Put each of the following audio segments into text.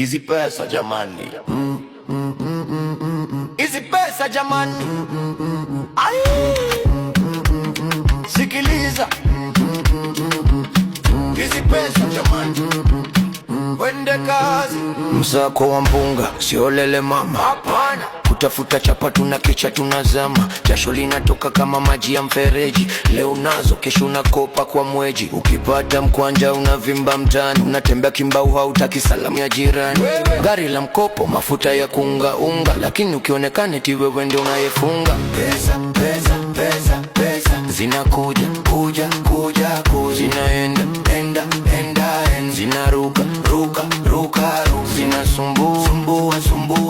hizi pesa jamani, hizi pesa jamani Ai, sikiliza hizi pesa jamani, wende kazi msako wa mpunga siolele mama, hapana kutafuta chapa, tuna kicha tunazama, jasho linatoka kama maji ya mfereji. Leo nazo kesho unakopa kwa mweji, ukipata mkwanja unavimba mtani, unatembea kimbau, hautaki salamu ya jirani. Gari la mkopo, mafuta ya kuungaunga, lakini ukionekana eti wewe ndio unayefunga. Pesa, pesa, pesa, pesa zinakuja kuja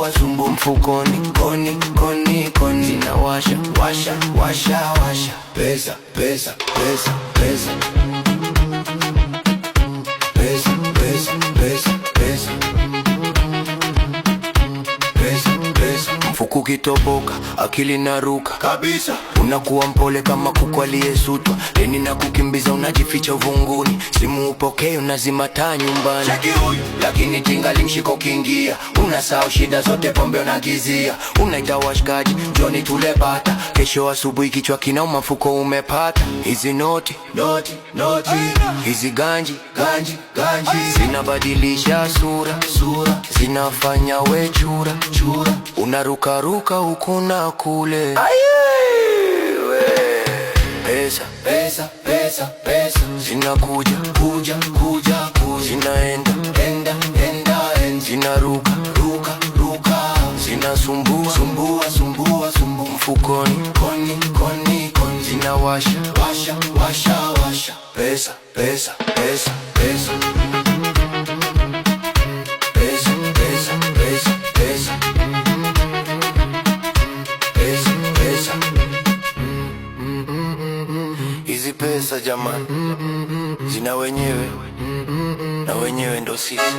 kuwa mfukoni, koni koni koni, zina washa washa washa washa, pesa pesa pesa pesa pesa pesa pesa Kirefu kukitoboka, akili naruka kabisa. Unakuwa mpole kama kuku aliyesutwa, leni na kukimbiza, unajificha uvunguni, simu upokee, unazima taa nyumbani. Cheki huyu, lakini tinga limshika kingia, unasahau shida zote, pombe unagizia, unaita washikaji, njoni tule bata, kesho asubuhi kichwa kinauma, mfuko umepata. Hizi noti noti noti, hizi ganji ganji ganji, zinabadilisha sura sura, zinafanya we chura chura, unaruka Rukaruka huku na kule, pesa pesa pesa pesa zinakuja kuja kuja kuja, zinaenda enda enda enda, zinaruka ruka ruka, zinasumbua sumbua sumbua sumbua mfukoni koni koni koni, zinawasha washa washa washa, pesa pesa pesa hizi pesa jamani, zina wenyewe na wenyewe ndo sisi.